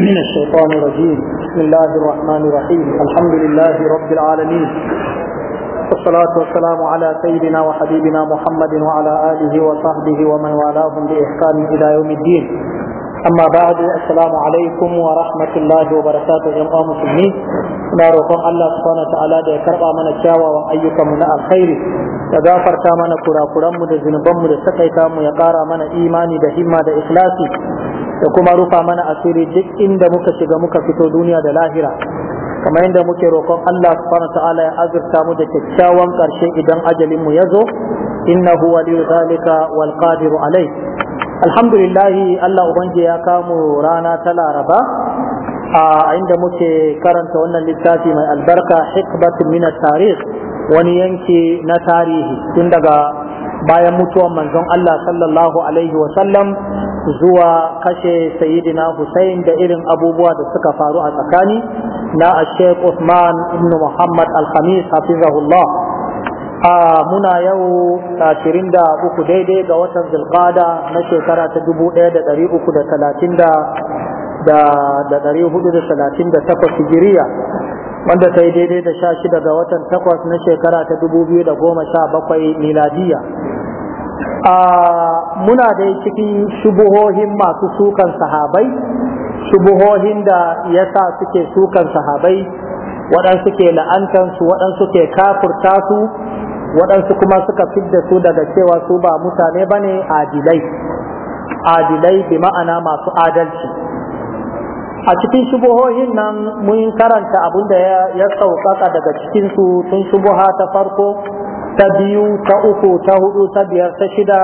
من الشيطان الرجيم بسم الله الرحمن الرحيم الحمد لله رب العالمين والصلاة والسلام على سيدنا وحبيبنا محمد وعلى آله وصحبه ومن والاهم بإحسان إلى يوم الدين أما بعد السلام عليكم ورحمة الله وبركاته جميع المسلمين نارقون الله سبحانه وتعالى da من الشاوى وأيك من الخير na alkhairi كرا gafarta mana kurakuranmu da zunubanmu da من mu ya kara mana da kuma rufa mana asiri duk inda muka shiga muka fito duniya da lahira kamar yadda muke roƙon Allah subhanahu ta'ala ya azurta mu da kyakkyawan ƙarshe idan ajalin mu ya zo innahu waliyyu zalika wal qadiru alai alhamdulillah Allah ubangiji ya kamu rana ta laraba a inda muke karanta wannan littafi mai albarka hikbatun min tarikh wani yanki na tarihi tun daga bayan mutuwar manzon Allah sallallahu alaihi wa sallam zuwa kashe sayidina Hussein da irin abubuwa da suka faru a tsakani na Sheikh Usman ibn Muhammad Al-Khamis hafizahullah a muna yau 23 daidai ga watan Zulqada na shekara ta 1330 da takwas Hijiriya wanda ta yi daidai da 16 ga watan takwas na shekara ta 2017 miladiya muna da cikin shubuhohin masu sukan sahabai shubuhohin da yasa suke sukan sahabai waɗansu ke la'antansu waɗansu ke kafurta su waɗansu kuma suka fidda su daga cewa su ba mutane ba ne adilai adilai bi ma'ana masu adalci a cikin shubuhohin nan mun karanta abin da ya sauƙaƙa daga cikinsu tun shubuha ta farko ta biyu ta uku ta hudu ta biyar ta shida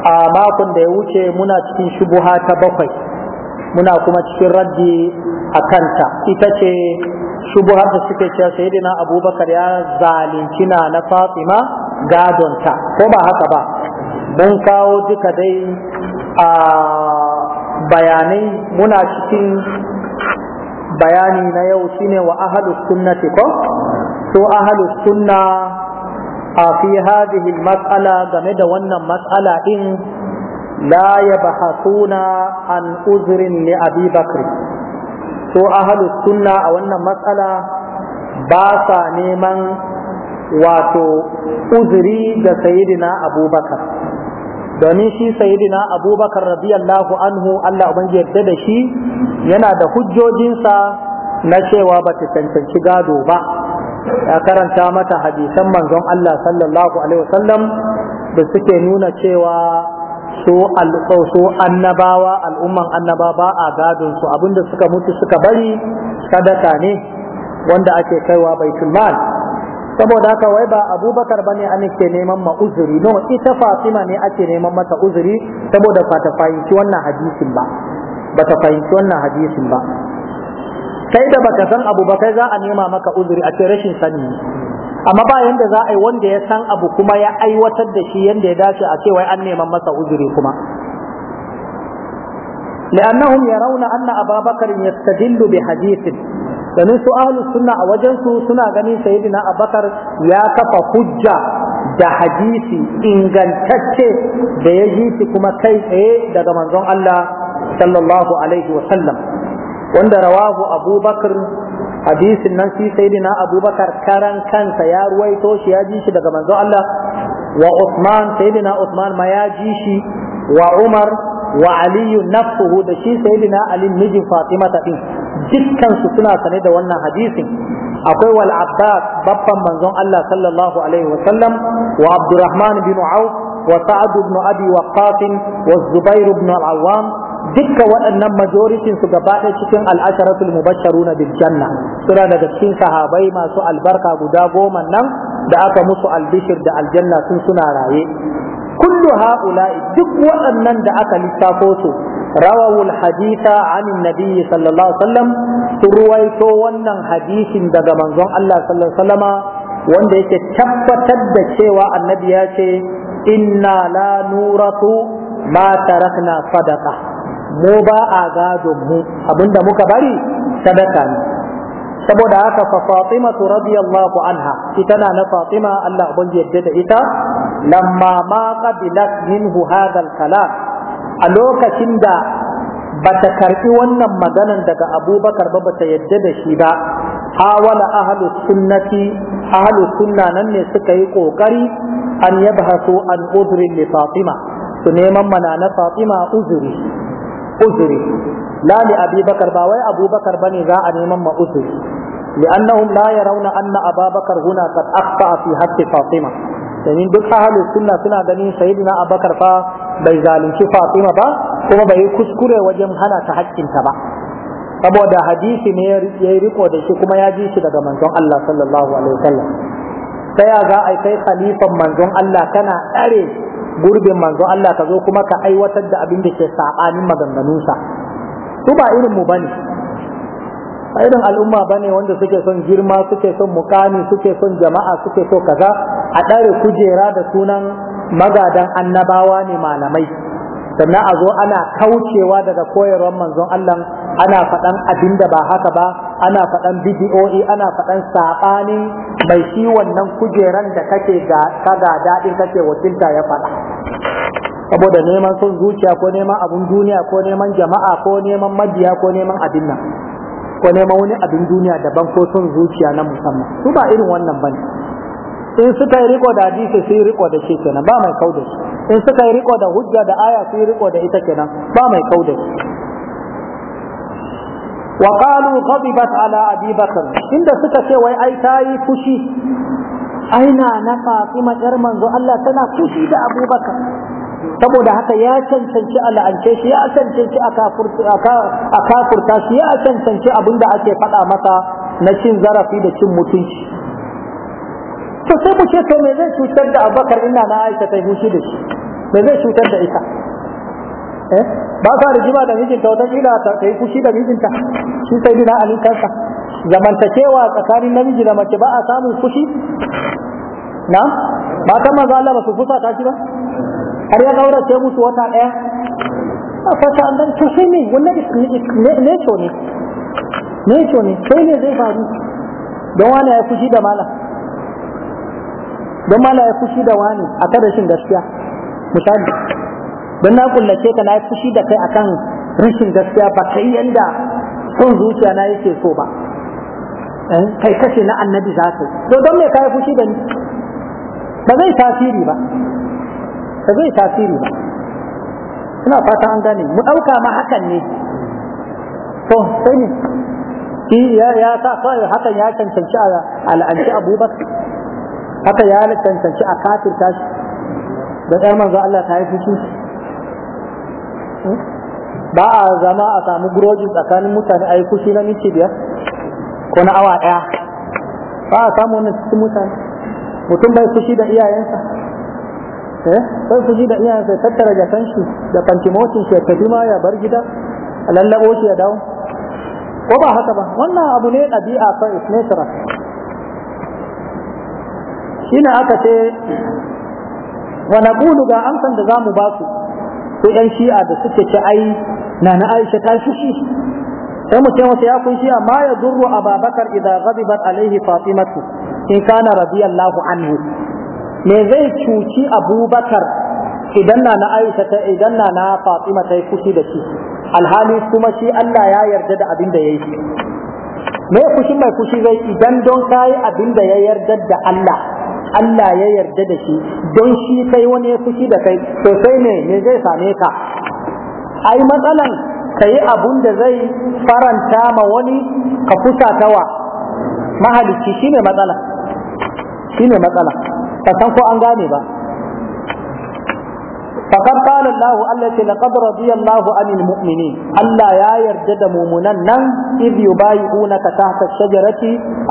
a makon da ya wuce muna cikin shubuha ta bakwai muna kuma cikin raddi a kanta ita ce shubuhar da suke cewa na abubakar ya zalunci na na fatima gadonta ko ba haka ba mun kawo duka dai a bayanai muna cikin bayani na yau shine wa ahalus sunna ko to ahalus sunna a fi hadhihi mas'ala game da wannan mas'ala in la yabhasuna an uzurin ne abi bakr so ahlus sunna a wannan mas'ala ba sa neman wato uzuri ga sayidina abubakar domin shi sayidina abubakar radiyallahu anhu Allah ubangi yadda da shi yana da hujjojinsa na cewa ba ta cancanci gado ba ya karanta mata hadisan manzon Allah sallallahu alaihi wasallam da suke nuna cewa su annabawa al'umman annaba ba a gadon su abinda suka mutu suka bari sadaka ne wanda ake kaiwa baitul mal saboda haka wai ba abubakar bane ne ke neman ma uzuri no ita fatima ne ake neman mata uzuri saboda ba ta fahimci wannan hadisin ba ba ta fahimci wannan hadisin ba Sai da baka san abu ba kai za a nema maka uzuri a ce rashin sani amma ba yanda za a yi wanda ya san abu kuma ya aiwatar da shi yanda ya dace a ce wai an neman masa uzuri kuma لأنهم يرون أن أبا بكر يستدل بحديث domin su ahlus sunna a wajen su suna ganin sayyidina abakar ya kafa hujja da hadisi ingantacce da ya ji kuma kai tsaye daga manzon Allah sallallahu alaihi wanda rawahu Abu Bakr hadisin nan fi sayyidina abubakar karan kansa ya ruwaito shi ya ji shi daga manzo Allah wa Uthman sayyidina Uthman ma ya ji shi wa Umar wa Ali nafsuhu da shi sayyidina Ali mijin Fatima ta din dukkan su suna sane da wannan hadisin akwai wal Abbas babban manzon Allah sallallahu alaihi wa sallam wa Abdurrahman bin Auf wa Sa'ad ibn Abi Waqqas wa Zubair ibn Al-Awwam dukkan waɗannan majoritin su gabata cikin al'asharatul mubashsharuna na Biljanna, suna daga cikin sahabai masu albarka guda goma nan da aka musu albishir da aljanna sun suna raye kullu ha'ula'i duk waɗannan da aka lissafo su rawawul haditha anin nabiyyi sallallahu alaihi wasallam su ruwaito wannan hadisin daga manzon Allah sallallahu alaihi wasallama wanda yake tabbatar da cewa annabi ya ce inna la nuratu ma tarakna sadaqa mu ba a gadon mu abinda muka bari sadaka ne saboda haka fa Fatima radiyallahu anha ita na na Fatima Allah ubangi yadda da ita lamma ma qabilat minhu hadha kalam a lokacin da bata karbi wannan maganan daga Abubakar ba bata yadda da shi ba hawala ahlu sunnati ahlu sunna nan ne suka yi kokari an yabhasu an udri li Fatima su neman mana na Fatima uzuri uzuri la Abubakar ba wai abubakar ba ne za a neman ma uzuri li'annahum la yarawna anna huna qad akhta fi haqqi fatima duk ahlus sunna suna ganin sayyidina abubakar fa bai zalunci fatima ba kuma bai kuskure wajen hana ta haƙƙinta ba saboda hadisi ne ya riko da shi kuma ya ji shi daga manzon Allah sallallahu alaihi za a kai khalifan manzon Allah kana tsare gurbin manzo Allah ka zo kuma ka aiwatar da abin da ke sabanin maganganunsa su ba irin mu bane ba irin al'umma bane wanda suke son girma suke son mukami suke son jama'a suke so kaza a ɗare kujera da sunan magadan annabawa ne malamai sannan a zo ana kaucewa daga koyarwar manzon Allah ana faɗan abin da ba haka ba ana faɗan bidiyo'i ana faɗan saɓani mai shi wannan kujeran da kake ga kaga daɗin kake wakilta ya faɗa saboda neman son zuciya ko neman abin duniya ko neman jama'a ko neman majiya ko neman abin nan ko neman wani abin duniya daban ko son zuciya na musamman su ba irin wannan bane in suka yi riko da hadisi su riko da shi kenan ba mai kau da shi in suka yi riko da hujja da aya su yi riko da ita kenan ba mai kau da wa qalu ghadibat ala abi bakr inda suka ce wai ai tayi fushi aina na fatima yar manzo Allah tana fushi da abubakar saboda haka ya cancanci al'ance shi ya cancanci a kafurta shi ya cancanci abinda ake faɗa masa na cin zarafi da cin mutunci to sai mu ce to me zai cutar da abubakar ina na aisha ta hushi da shi me zai cutar da ita eh? ba sa rigima da mijinta wata kila ta kai kushi da mijinta shi sai dina ali kansa zamantakewa tsakanin namiji da mace ba a samun kushi na matan maza Allah ba su fusa ta shi ba har ya daura ce musu wata daya a fata an dan tushe ne wanda ne ne ne ne sai ne zai faru don wani ya kushi da mala don mala ya kushi da wani a kada shi gaskiya misali don na kullace ka na fushi da kai akan rashin gaskiya ba ka yi yanda son zuciya na yake so ba eh, kai kashe na annabi za ka to don me yi fushi da ni ba zai tasiri ba ba zai tasiri ba ina fata an gane mu dauka ma hakan ne to sai ne ya ya sa kai hakan ya cancanci al'anci abubakar haka ya cancanci a kafirta shi da ɗar manzo Allah ta yi fushi ba a zama a samu guroji tsakanin mutane a yi fushi na minti biyar ko na awa ɗaya ba a samu wannan cikin mutane mutum bai fushi da iyayensa eh bai fushi da iyayensa ya tattara jakan shi da fantimocin shi ya ma ya bar gida lallaɓo shi ya dawo ko ba haka ba wannan abu ne ɗabi'a fa is Shi ne aka ce wa naqulu ga amsan da za mu ba su sai ɗan shi'a da suke ce ai na na Aisha ta shi sai mu ce masa ya kun shi'a ma ya zurru Ababakar idan ghadibat alaihi Fatimatu in kana radiyallahu anhu me zai cuci Abubakar idan na na Aisha ta idan na na Fatima ta yi fushi da shi alhali kuma shi Allah ya yarda da abin da ya yi. me fushin mai fushi zai idan don kai abin da ya yarda da Allah Allah ya yarda da shi don shi kai wani ya fushi da kai to sai ne ne zai same ka ai matsalan ka yi abun da zai faranta ma wani ka fusata wa mahalicci shine matsala shine matsala ba san ko an gane ba فقد قال الله التي لقد رضي الله عن المؤمنين ألا يا يرجد مؤمنا إذ يبايعونك تحت الشجرة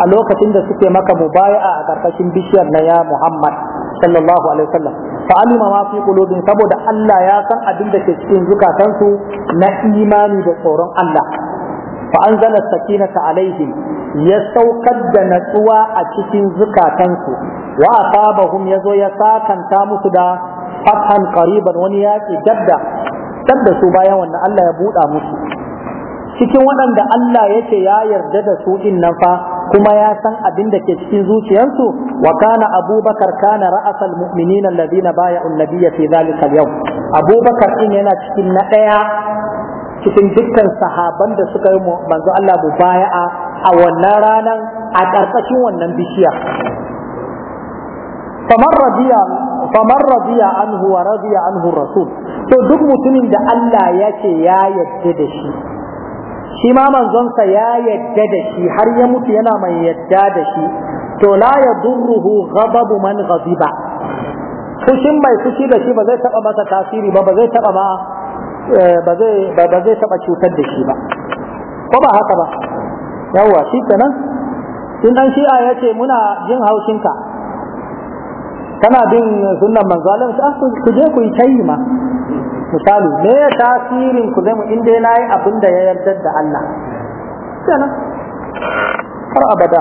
ألوك تند سكي مك مبايعة أكركش بشير يا محمد صلى الله عليه وسلم فعلم ما في قلوبهم سبود ألا يا سن أدند تشكين زكا تنسو نا إيماني بصورهم الله فأنزل السكينة عليهم يستوكد نسوا أتشكين زكا تنسو وأصابهم يزو يساكن تامس دا fathan qariban wani yaki dabda dabda su bayan wanda Allah ya buɗa musu cikin waɗanda Allah yake ya yarda da su din nan fa kuma ya san abin da ke cikin zuciyarsu wa kana abubakar kana ra'asal mu'minin alladhina bay'u an-nabiyya fi dhalika al-yawm abubakar din yana cikin na ɗaya cikin dukkan sahaban da suka yi manzo Allah baya a wannan ranan a ƙarƙashin wannan bishiya famar radiya famar radiya anhu wa radiya anhu rasul to duk mutumin da Allah ya ce ya yadda da shi shi ma manzonsa ya yadda da shi har ya mutu yana mai yadda da shi to la yadurruhu ghadabu man ghadiba fushin mai fushi da shi ba zai taba masa tasiri ba ba zai taba ma eh, ba zai ba zai taba cutar da shi ba ko ba haka ba yawwa shi kenan in dan shi'a yace muna jin haushinka kana bin sunnan manzo Allah ta ah, ku je ku yi tayi ma misali me ya tasirin ku zai mu in dai nayi abin da ya yarda da Allah kenan har abada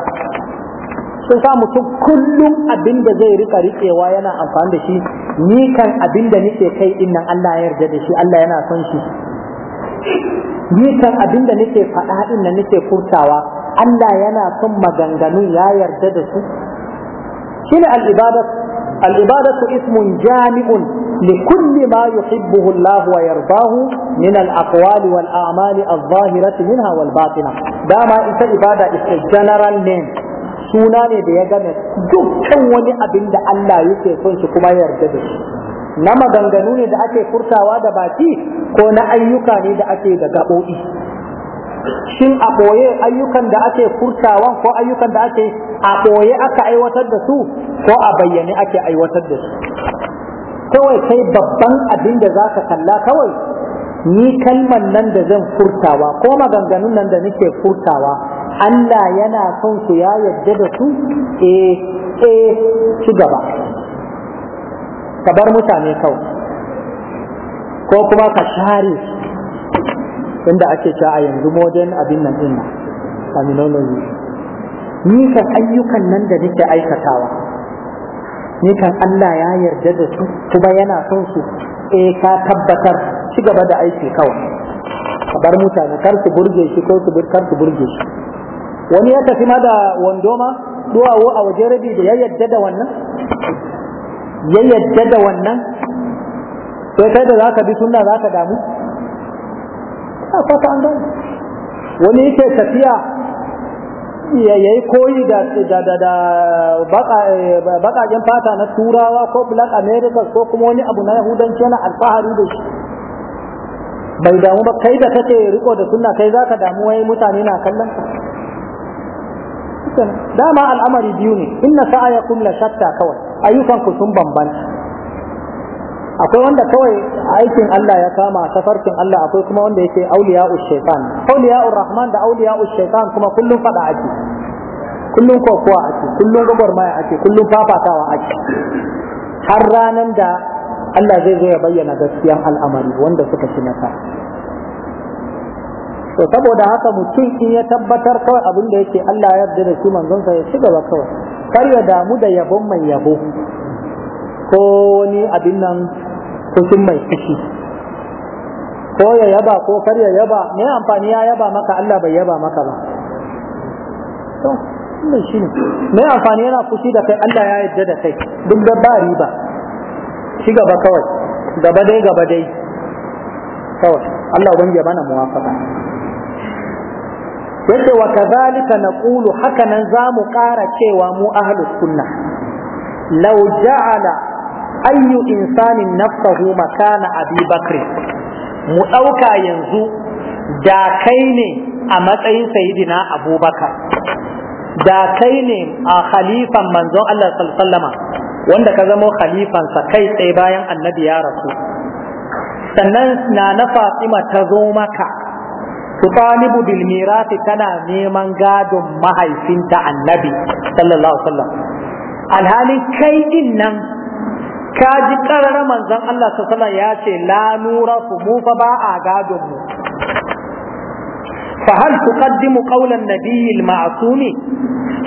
sun sa mutum kullum abin da zai rika rikewa yana amfani da shi ni kan abin da nake kai din nan Allah ya yarda da shi Allah yana son shi ni kan abin da nake faɗa din nan nake furtawa Allah yana son maganganun ya yarda da su shine al-ibadat العبادة اسم جامع لكل ما يحبه الله ويرضاه من الأقوال والأعمال الظاهرة منها والباطنة داما إنت ibada is general name suna ne da ya game dukkan wani abin da Allah yake son shi kuma yarda da shi na maganganu ne da ake furtawa da baki ko na ayyuka ne da ake da gaɓoɓi shin a ɓoye ayyukan da ake furtawan ko ayyukan da ake a ɓoye aka aiwatar da su ko a bayyane ake aiwatar da su kawai kai babban abin da za ka kalla kawai ni kalman nan da zan furtawa ko maganganun nan da nake furtawa Allah yana son su ya yarda da su eh eh ci gaba ka bar mutane kawai ko kuma ka share inda ake cewa a yanzu modern abin nan din terminology ni kan ayyukan nan da nake aikatawa ni kan Allah ya yarda da su kuma yana son su eh ka tabbatar ci gaba da aiki kawai ka bar mutane kar su burge shi ko su kar su burge shi wani ya tafi ma da wando ma duwawo a waje rabi da ya yarda da wannan ya yarda da wannan sai kai da zaka bi sunna zaka damu a fata an gani wani yake tafiya ya yi koyi da bakajen fata na turawa ko black america ko kuma wani abu na yahudanci yana alfahari da shi bai damu ba kai da kake riko da sunna kai zaka damu wai mutane na kallon ka dama al'amari biyu ne inna sa'ayakum la shatta kawai ayyukan ku sun bambanta akwai wanda kawai aikin Allah ya kama tafarkin Allah akwai kuma wanda yake Auliya shaitan Auliya rahman da Auliya shaitan kuma kullum fada ake kullum kokowa ake kullum gwagwarmaya ake kullum fafatawa ake har ranan da Allah zai zo ya bayyana gaskiyan al'amari wanda suka ci ta. to saboda haka mutum in ya tabbatar kawai abin da yake Allah ya yarda da shi manzon sa ya shiga gaba kawai kar ya damu da yabon mai yabo ko wani abin nan fushin mai fushi ko ya yaba ko kar ya yaba me amfani ya yaba maka Allah bai yaba maka ba to shi ne? me amfani yana fushi da kai Allah ya yarda da kai duk da ba riba shi gaba kawai gaba dai gaba dai kawai Allah ubangi ya bana muwafaka yace wa kadhalika naqulu hakanan mu kara cewa mu ahlus sunna law ja'ala ayyu insanin nafsahu makana abi bakri mu ɗauka yanzu da kai ne a matsayin sayidina abubakar da kai ne a khalifan manzon Allah sallama wanda ka zamo khalifansa kai tsaye bayan annabi ya rasu sannan na na fatima ta zo maka tutalibu bil mirasi tana neman gadon mahaifinta annabi sallallahu alaihi wasallam alhalin kai din nan ka ji ƙarar manzan Allah sallallahu ya ce la nura ku mu fa ba a gadon mu fa hal tuqaddimu qawlan nabiyil ma'sumi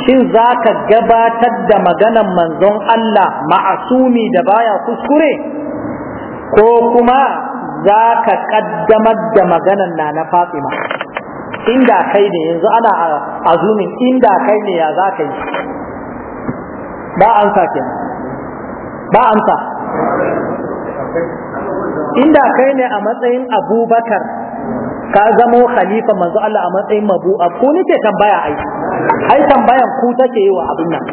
shin za ka gabatar da maganan manzon Allah ma'sumi da baya kuskure ko kuma za ka kaddamar da maganan na na Fatima inda kai ne yanzu ana azumin inda kai ne ya za ka yi ba an sa kenan ba amsa inda kai ne a matsayin abubakar ka zamo khalifa manzo Allah a matsayin mabu a ko nake tambaya ai ai tambayan ku take yi wa abin nan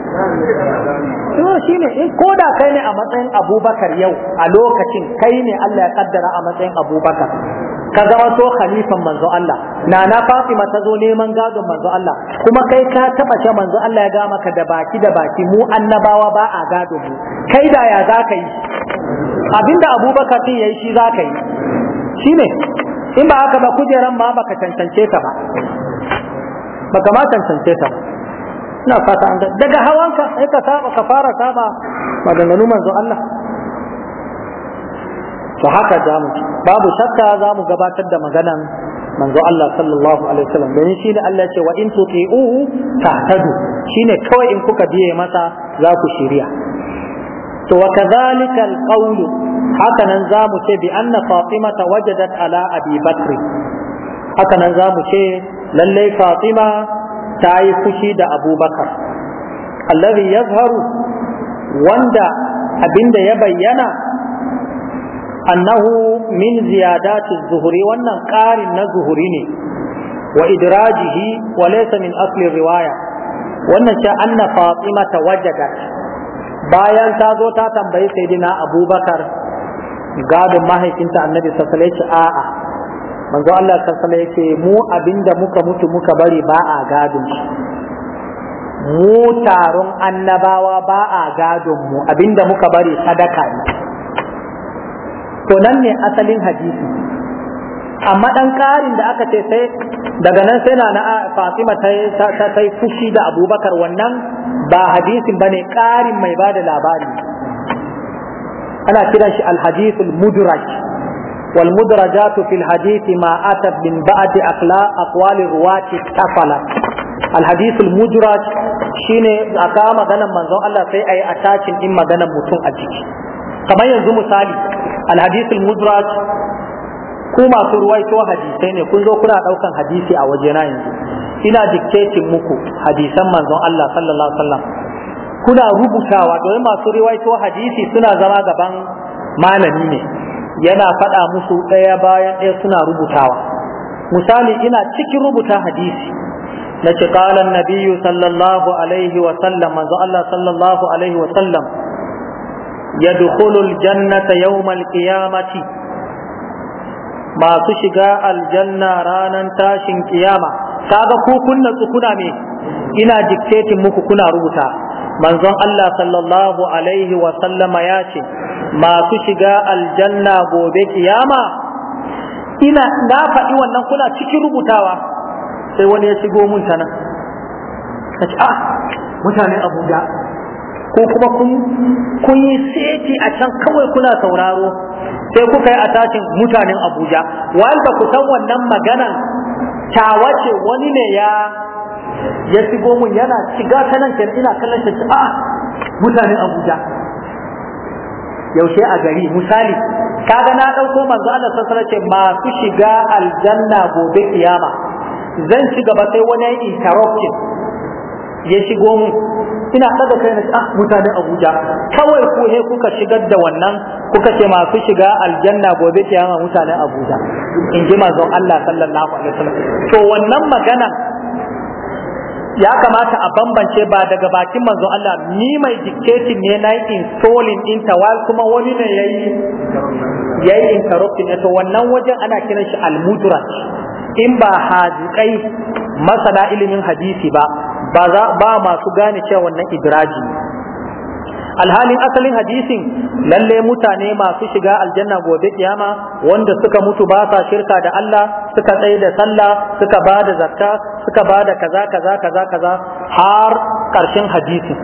to shine in eh, ko da kai ne a matsayin Abubakar yau a lokacin kai ne Allah ya kaddara a matsayin Abubakar ka zama to khalifan manzo Allah nana Fatima ta zo neman gadon manzo Allah kuma kai ka taba ce manzo Allah ya ga maka da baki da baki mu annabawa ba a gado mu kai da ya zaka yi abinda Abubakar din yayi shi zaka yi shine in ba haka ba kujeran ma baka cancance ta ba baka ma tantance ta ina fata an daga hawanka sai ka saba ka fara saba maganganu manzo Allah to haka za mu babu shakka za mu gabatar da maganan manzo Allah sallallahu alaihi wasallam dan shi ne Allah ce wa in tuti'uhu tahtadu shine kawai in kuka biye masa za ku shiriya to wa kadhalika alqawlu haka nan za mu ce bi anna fatimata wajadat ala abi bakr haka nan za mu ce lallai fatima ta yi fushi da abubakar allazi yazharu wanda abinda ya bayyana annahu min ziyadati zuhuri wannan ƙarin na zuhuri ne wa idrajihi wa laysa min asli riwaya wannan ce anna fatima tawajjadat bayan ta zo ta tambayi sayyidina abubakar gadon mahaifinta annabi sallallahu alaihi wasallam a'a manzo Allah sassala ya ce mu abinda muka mutu muka bari ba a gadon shi mu taron annabawa ba a gadon mu abinda muka bari sadaka ne to nan ne asalin hadisi amma dan karin da aka ce sai daga nan sai na Fatima ta ta fushi da Abubakar wannan ba hadisin bane karin mai bada labari ana kiran shi alhadithul mudraj والمدرجات في الحديث ما أتت من بعد أقوال الرواة اختفلت الحديث المدرج shine a kawo maganan manzon Allah sai a yi attachin din maganan mutum a jiki kamar yanzu misali alhadisul mudraj ku masu ruwaito hadisai ne kun zo kuna ɗaukan hadisi a wajena yanzu ina dictating muku hadisan manzon Allah sallallahu alaihi wasallam kuna rubutawa domin masu ruwaito hadisi suna zama gaban malami ne yana faɗa musu ɗaya bayan ɗaya suna rubutawa misali ina cikin rubuta hadisi na ce ƙalan nabiyu sallallahu alaihi wa sallam manzo Allah sallallahu alaihi wa sallam ya dukulul jannata yawmal qiyamati masu shiga aljanna ranar tashin kiyama kaga ku kunna tsukuna me ina dictating muku kuna rubuta manzon Allah sallallahu alaihi wa sallama ya ce masu shiga aljanna gobe kiyama ina na faɗi wannan kuna cikin rubutawa sai wani ya shigo mun ta nan ka ce ah mutane abuja ko kuma kun yi seti a can kawai kuna sauraro sai kuka yi a tashin mutanen abuja wanda ku san wannan magana ta wace wani ne ya ya shigo mun yana shiga ta nan ina kallon shi a ah, mutanen abuja yaushe a gari misali kaga na ɗauko manzo Allah sassara ce masu shiga aljanna gobe kiyama zan ci gaba sai wani ya interrupting ya shigo mu ina ɗaga kai na ah mutane Abuja kawai ku he kuka shigar da wannan kuka ce masu shiga aljanna gobe kiyama mutanen Abuja in ji manzon Allah sallallahu alaihi wasallam to wannan magana ya kamata a bambance ba daga bakin manzo Allah ni mai dictating ne na in solin ta wal kuma wani ne yayi yayi ne to wannan wajen ana kiran shi al in ba hadikai masana ilimin hadisi ba ba masu gane cewa wannan idraji alhalin asalin hadisin lalle mutane masu shiga aljanna gobe kiyama wanda suka mutu ba sa shirka da Allah suka tsaye da sallah suka ba da zakka suka ba da kaza kaza kaza kaza har karshen hadisi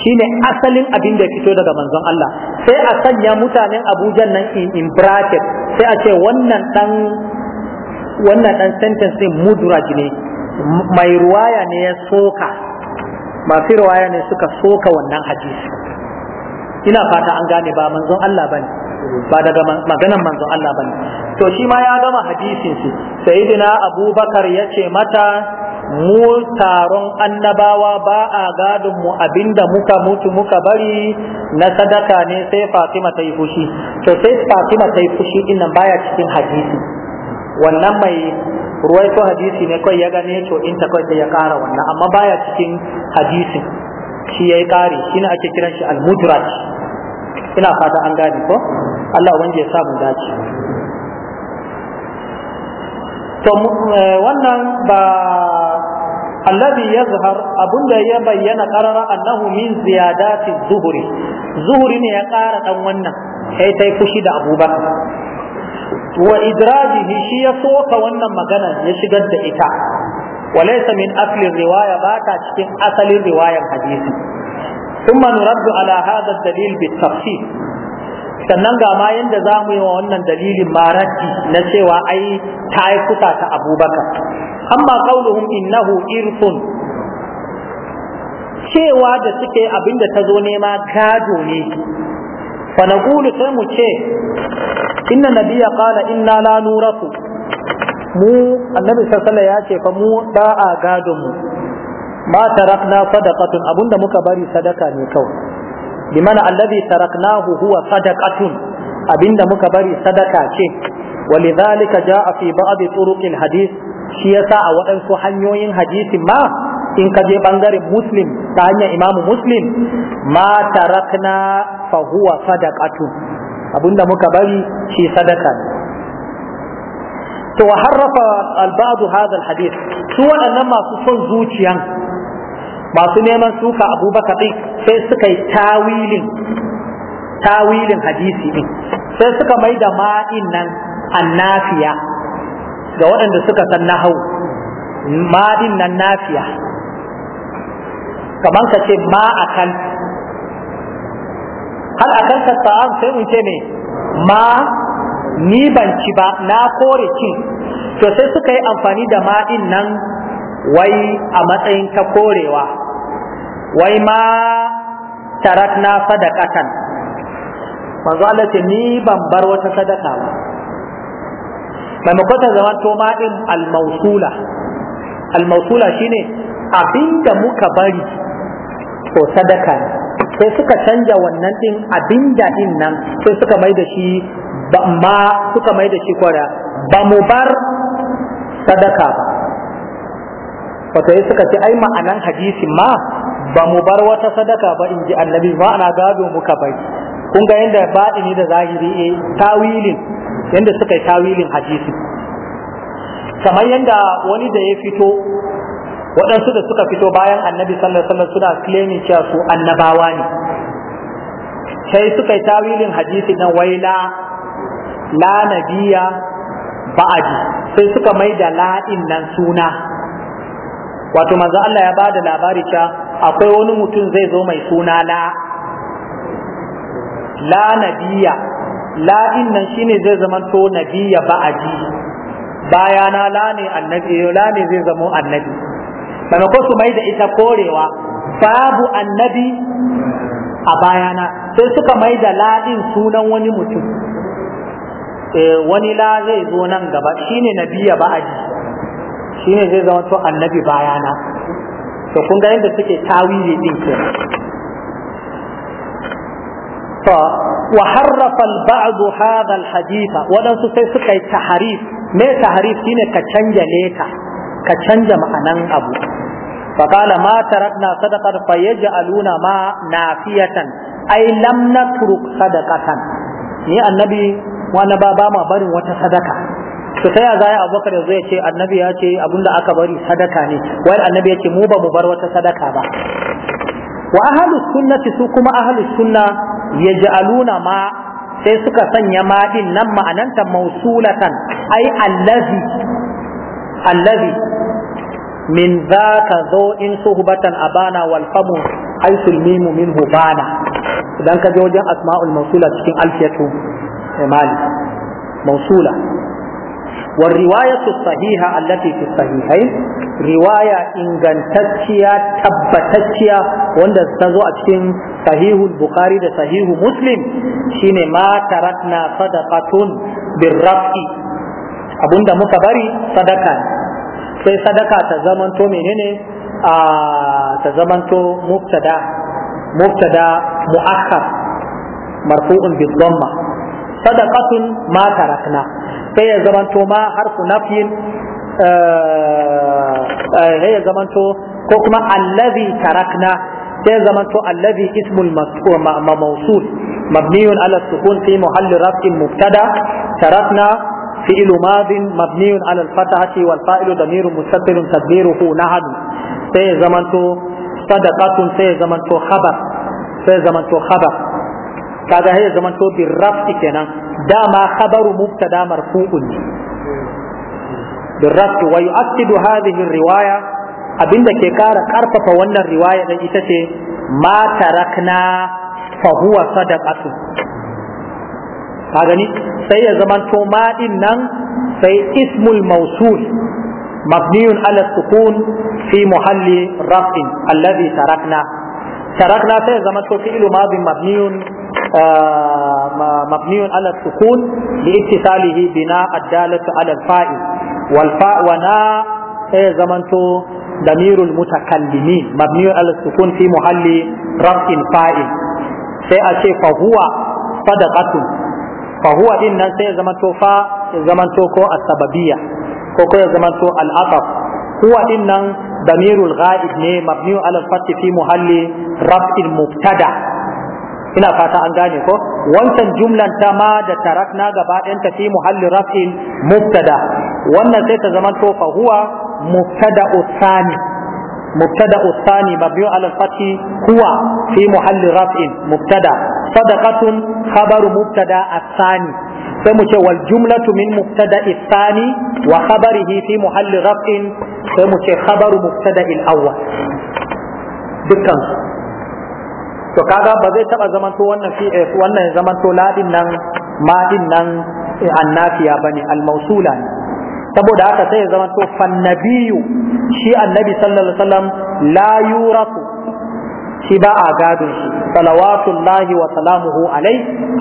shine asalin abin da fito daga manzon Allah sai a sanya mutanen Abuja nan in bracket sai a ce wannan dan wannan dan sentence din mudraj ne mai ruwaya ne ya soka masu riwaya ne suka soka wannan hadisi ina fata an gane ba manzon Allah bane ba daga maganan manzon Allah bane to shi ma ya gama hadisin shi sayyidina abubakar ya ce mata mu taron annabawa ba a gadon mu abinda muka mutu muka bari na sadaka ne sai fatima ta yi fushi to sai fatima ta yi fushi inna baya cikin hadisi wannan mai Ruwai ko hadisi ne kawai ya gane to in ta kawai sai ya kara wannan amma baya cikin hadisin shi yayi kare shine ake kiran shi al-mudraj ina fata an gane ko Allah wanda ya sa mu dace to eh, wannan ba alladhi yazhar da ya bayyana qarara annahu min ziyadati zuhuri zuhuri ne ya kara dan wannan sai tai fushi da abubakar wa idrajihi shi ya soka wannan magana ya shigar da ita وليس من أصل الرواية cikin asalin riwayar hadisi الحديث ثم نرد على هذا الدليل بالتفصيل sannan ga ma yadda za mu yi wa wannan dalilin marati na cewa ai ta yi kusa ta abubakar amma kauluhum innahu irfun cewa da suke abinda ta zo nema gado ne fa naqulu sai mu ce inna nabiyya qala inna la nuratu mu annabi sallallahu ya ce fa mu ba a gadon mu ma tarakna sadaqatun abunda muka bari sadaka ne kawai bi mana alladhi taraknahu huwa sadaqatun abinda muka bari sadaka ce Wani ولذلك جاء في بعض طرق الحديث shi yasa a waɗansu hanyoyin hadisin ma in ka je bangaren muslim ta hanyar imamu muslim ma tarakna fa huwa sadaqatu abinda muka bari shi sadaka to harrafa al-ba'd hadha al su waɗannan masu son zuciyan masu neman suka abubakar din sai suka yi tawilin tawilin hadisi din sai suka mai da ma'in nan annafiya ga waɗanda suka san nahau ma'in nan nafiya kamar ka ce ma akal har a ka sa'am sai in ce ne ma ni ban ci ba na kore cin to sai suka yi amfani da ma din nan wai a matsayin ta korewa wai ma tarakna sadaqatan manzo Allah ce ni ban bar wata sadaka ba maimakon ta zama to ma din al-mausula al-mausula shine abinda muka bari to sadaka sai suka canja wannan din abinda din nan sai suka mai da shi ma suka mai da shi kwara ba mu bar sadaka ba wato sai suka ce ai ma'anan hadisi ma ba mu bar wata sadaka ba in ji annabi ana gado muka bai kun ga yadda baɗini da zahiri e tawilin yadda suka yi tawilin hadisi kamar yadda wani da ya fito waɗansu da suka fito bayan annabi sallallahu alaihi wasallam suna claimin cewa su annabawa ne sai suka yi tawilin hadisi na waila la la nabiya ba'adi sai suka mai da la'in nan suna wato manzo Allah ya bada labari cewa akwai wani mutum zai zo mai suna la la nabiya la nan shine zai zama to nabiya ba'adi bayana la ne annabi la ne zai zama annabi maimakon su mai da ita korewa babu annabi a bayana sai suka mai da la'in sunan wani mutum eh, wani la zai zo nan gaba shine nabiya ba'adi shine zai zama to annabi bayana to kun ga yadda suke tawili din kenan وحرف sai suka yi ولن me tahrif shine ka canja leka ليتا ka canja ma'anan abu فقال ما تركنا صدقة فيجعلون ما نافية أي لم نترك صدقة ni annabi wani ba ba ma barin wata sadaka to sai ya zai abubakar yanzu ya ce annabi ya ce abinda aka bari sadaka ne wai annabi ya ce mu ba mu bar wata sadaka ba wa ahlu sunnati su kuma ahlu sunna yaj'aluna ma sai suka sanya ma din nan ma'ananta mausulatan ai allazi allazi min zaka zo in a abana wal famu haisul mimu minhu bana idan ka je wajen asma'ul mausula cikin alfiyatu mali mausula wal riwayatu sahiha allati fi sahihain riwaya ingantacciya tabbatacciya wanda ta zo a cikin sahihu bukhari da sahihu muslim shine ma taratna sadaqatun birrafi abinda muka bari sadaka sai sadaka ta zamanto menene a ta zamanto muftada mubtada mu'akkar marfu'un bi dhamma sadaqatun ma tarakna sai ya zamanto ma harfu nafyin eh, eh, sai ya zamanto ko kuma allazi tarakna sai ya zamanto allazi ismul mawsul mabniyun ala sukun fi muhalli rafin muftada tarakna فعل ماض مبني على الفتحة والفاعل ضمير مستتر تدبيره نهد سي زمنتو صدقة سي زمنتو خبر سي زمنتو خبر كذا هي زمنتو بالرفع كنا داما خبر مبتدا مرفوع بالرفع ويؤكد هذه الرواية abinda ke kara karfafa wannan riwaya dan ita ce ma tarakna fa huwa sadaqatu ka sai ya zamanto ma din nan sai ismul mausul mabniyun ala sukun fi muhalli rafin allazi tarakna tarakna sai ya zamanto fi'lu madin ah, bina, addalatu, على السكون لاتصاله بناء الدالة على الفائل والفاء ونا زمنتو ضمير المتكلمين مبني على السكون fi muhalli رفع fa'i, sai a ce fahuwa sadaqatu fahuwa huwa din nan sai ya zama fa ya zama ko asbabiyya ko ko ya zama to al huwa din nan damirul ghaib ne mabni ala fi muhalli raf'il mubtada ina fata an gane ko wancan jumlan ta ma da tarakna gaba ta fi muhalli raf'il mubtada wannan sai ta zamanto fahuwa huwa mubtada usani مبتدا الثاني مبني على الفتح هو في محل رفع مبتدا صدقة خبر مبتدا الثاني سمت والجملة من مبتدا الثاني وخبره في محل رفع سمت خبر مبتدا الأول دكان to kaga ba zai taba zamanto wannan fi wannan zamanto ladin nan ma din nan annafiya bane al-mausula ne saboda haka sai ya zama to fannabiyu shi annabi sallallahu alaihi wasallam la yurasu shi ba a gadon shi salawatullahi wa salamuhu alai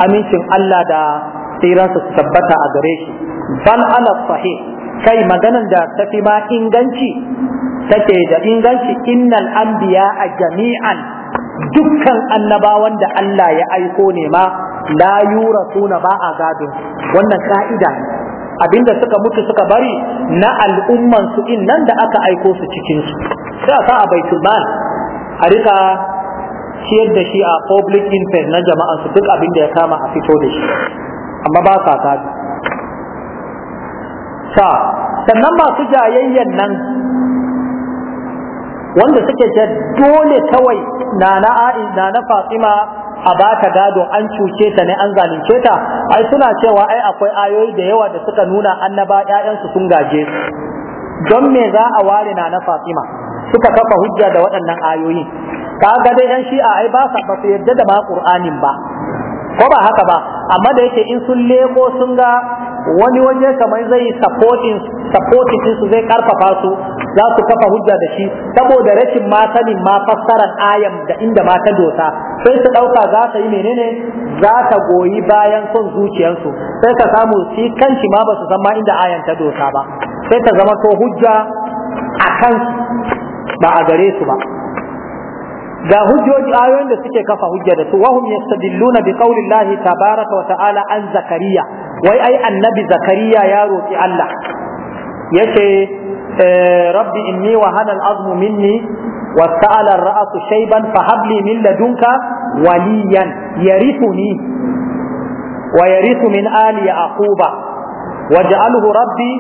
amincin Allah da tsiransa su tabbata a gare shi bal ala sahih kai maganan da tafi ma inganci take da inganci innal anbiya a jami'an dukkan annabawan da Allah ya aiko ne ma la yurasuna ba a gadon wannan ka'ida ne abinda suka mutu suka bari na al'umman su in nan da aka aiko su cikin su sai a sa a baitul mal a rika ciyar da shi a public interest na jama'an su duk abin da ya kama a fito da shi amma ba sa ta sa sannan masu jayayyen nan wanda suke ce dole kawai na na fatima a baka gado an cuce ta ne an zalunce ta ai suna cewa ai akwai ayoyi da yawa da suka nuna annaba ƴaƴansu sun gaje don me za a ware na na Fatima suka kafa hujja da waɗannan ayoyi kaga dai yan shi'a ai ba sa ba yarda da ma Qur'anin ba ko ba haka ba amma da yake in sun leko sun ga wani waje kamar zai supporting supporting su zai karfafa su za su kafa hujja da shi saboda rashin ma sanin ma fassarar ayan da inda ma ta dosa sai su dauka za ta yi menene za ta goyi bayan son zuciyarsu sai ka samu shi kanshi ma ba su san ma inda ayan ta dosa ba sai ta zama to hujja a kan ba a gare su ba ga hujjoji ayoyin da suke kafa hujja da su wahum yastadilluna bi qaulillahi tabaraka wa ta'ala an zakariya wai ai annabi zakariya ya roki Allah yace rabbi inni wa hana al'azmu minni wa sa'ala ar-ra'su shayban fa habli min ladunka waliyan yarithuni wa yarithu min ali yaquba waj'alhu rabbi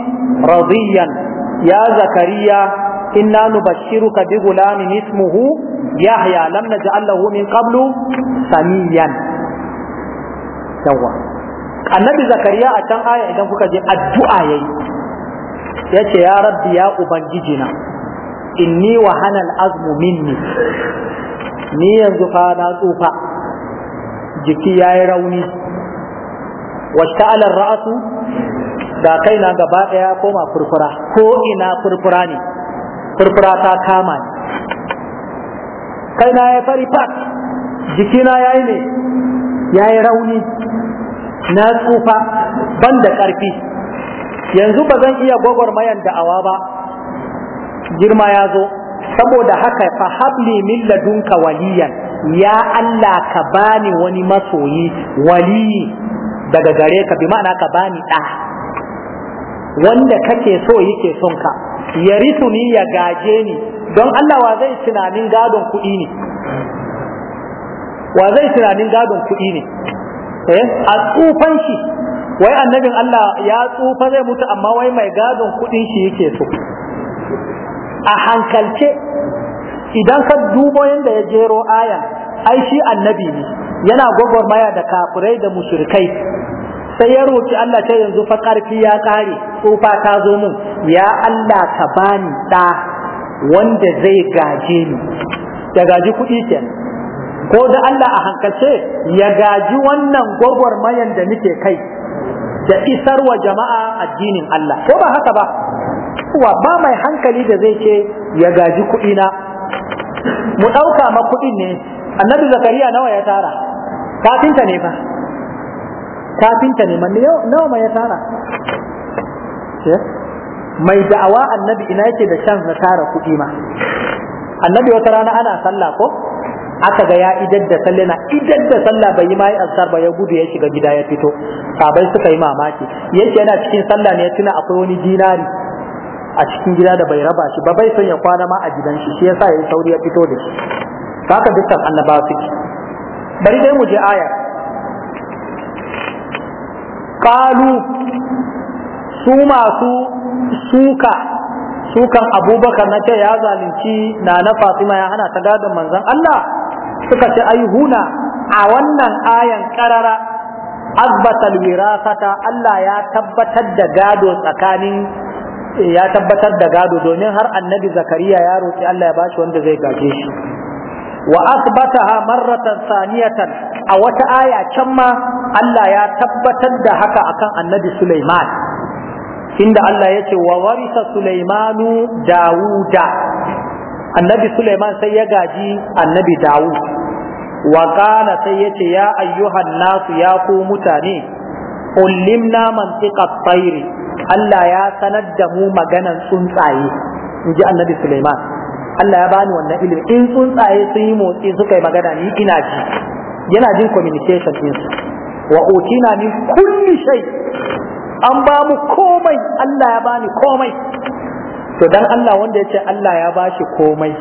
radiyan ya zakariya إنا نبشرك بغلام اسمه يحيى لم نجعل له من قبل سميا يوا النبي زكريا أتان آية إذا كنت أدعى yace ya rabbi ya ubangiji na inni wa hanal azmu minni ni yanzu fa na tsufa jiki yayi rauni ta'alar ra'asu da kaina gaba daya koma furfura ko ina furfura ne furfura ta kama ni kaina ya fari fat jikina yayi ne yayi rauni na tsufa ban da ƙarfi yanzu ba zan iya gwagwarmayan da'awa ba girma ya zo saboda haka fa habli min ladunka waliyan ya Allah ka bani wani masoyi wali daga gare ka bi ma'ana ka bani ɗa wanda kake so yake son ka ya ni ya gaje ni don Allah wa zai tunanin gadon kuɗi ne wa zai tunanin gadon kuɗi ne eh a tsufan shi wai annabin Allah ya tsufa zai mutu amma wai mai gadon kudin shi yake so a hankalce idan ka dubo yadda ya jero aya ai shi annabi ne yana gwagwarmaya da kafirai da mushrikai sai ya roki Allah ce yanzu fa karfi ya kare tsufa ta zo mun ya Allah ka bani da wanda zai gaje ni ya gaji kuɗi kenan ko da Allah a hankalce ya gaji wannan gwagwarmayan da nake kai da isar wa jama'a addinin Allah ko ba haka ba wa ba mai hankali da zai ce ya gaji kuɗi na mu ɗauka ma kuɗin ne annabi zakariya nawa ya tara kafinta ne fa kafinta ne man nawa mai ya tara mai da'awa annabi ina yake da shan na tara kuɗi ma annabi wata rana ana sallah ko aka ga ya idar da sallah na idar da sallah bai yi mai asar ba ya gudu ya shiga gida ya fito sabai suka yi mamaki yake yana cikin sallah ne ya tuna akwai wani dinari a cikin gida da bai raba shi ba bai son ya kwana ma a gidan shi shi yasa yayi sauri ya fito da shi haka dukkan annabawa suke bari dai mu je aya qalu su masu suka sukan abubakar na ce ya zalunci na na fatima ya hana ta gadon manzon Allah suka ce ai huna a wannan ayan karara abbata alwirasata Allah ya tabbatar da gado tsakanin ya tabbatar da gado domin har annabi zakariya ya roki Allah ya bashi wanda zai gaje shi wa asbataha marratan saniyatan a wata aya can ma Allah ya tabbatar da haka akan annabi Sulaiman inda Allah ya ce wa warisa Sulaimanu Dawuda annabi Suleiman sai ya gaji annabi Dawud wa kana sai yace ya ayyuhan nasu ya ku mutane ulimna mantiqa tsairi Allah ya sanar da mu maganan tsuntsaye in ji annabi Suleiman Allah ya bani wannan ilimi in tsuntsaye sun yi motsi suka yi magana ni ina ji yana jin communication din su wa utina min kulli shay an ba mu komai Allah ya bani komai to dan Allah wanda ya ce Allah ya bashi komai